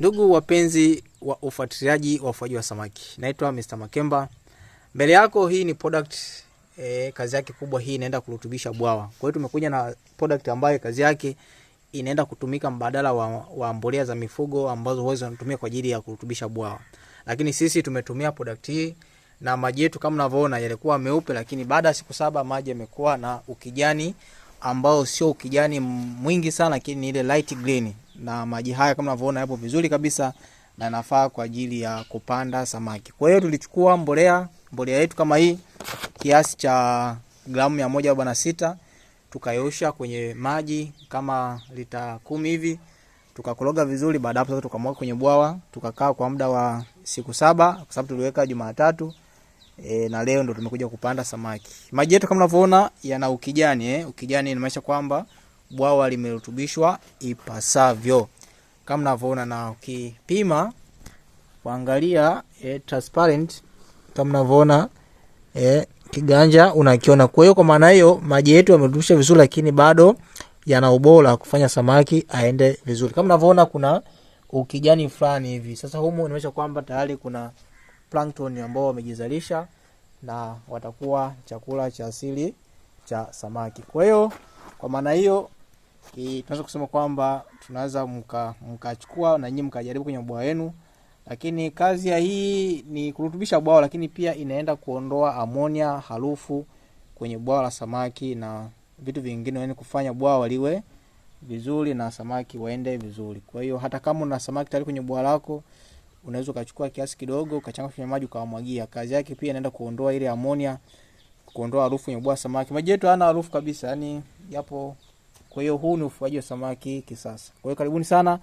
Ndugu wapenzi wa ufuatiliaji wa ufuaji wa samaki, naitwa Mr. Makemba. Mbele yako hii ni product e, kazi yake kubwa hii inaenda kurutubisha bwawa. Kwa hiyo tumekuja na product ambayo kazi yake inaenda kutumika mbadala wa, wa mbolea za mifugo ambazo huwezi wanatumia kwa ajili ya kurutubisha bwawa, lakini sisi tumetumia product hii na maji yetu kama unavyoona yalikuwa meupe, lakini baada ya siku saba maji yamekuwa na ukijani ambao sio ukijani mwingi sana, lakini ni ile light green na maji haya kama unavyoona yapo vizuri kabisa na nafaa kwa ajili ya kupanda samaki. Kwa hiyo tulichukua mbolea mbolea yetu kama hii kiasi cha gramu mia moja arobaini na sita tukayosha kwenye maji kama lita kumi hivi tukakoroga vizuri. Baada hapo sasa tukamwaga kwenye bwawa tukakaa kwa muda wa siku saba kwa sababu tuliweka Jumatatu e, na leo ndo tumekuja kupanda samaki. Maji yetu kama unavyoona yana ukijani eh, ukijani inamaanisha kwamba bwawa limerutubishwa ipasavyo, kama mnavyoona, na ukipima kuangalia eh, transparent kama mnavyoona eh, kiganja unakiona. Kwa hiyo kwa maana hiyo maji yetu yamerutubisha vizuri, lakini bado yana ubora kufanya samaki aende vizuri. Kama mnavyoona kuna ukijani fulani hivi. Sasa humu inaonyesha kwamba tayari kuna plankton ambao wamejizalisha na watakuwa chakula cha asili cha samaki. Kwa hiyo kwa maana hiyo tunaweza kusema kwamba tunaweza mkachukua na nyinyi mkajaribu kwenye mabwawa yenu, lakini kazi ya hii ni kurutubisha bwawa, lakini pia inaenda kuondoa amonia, harufu kwenye bwawa la samaki na vitu vingine, yani kufanya bwawa liwe vizuri na samaki waende vizuri. Kwa hiyo hata kama una samaki tayari kwenye bwawa lako, unaweza ukachukua kiasi kidogo ukachanganya kwenye maji ukawamwagia. Kazi yake pia inaenda kuondoa ile amonia, kuondoa harufu kwenye bwawa samaki. Maji yetu hana harufu kabisa, yani yapo kwa hiyo huu ni ufuaji wa samaki kisasa. Kwa hiyo karibuni sana.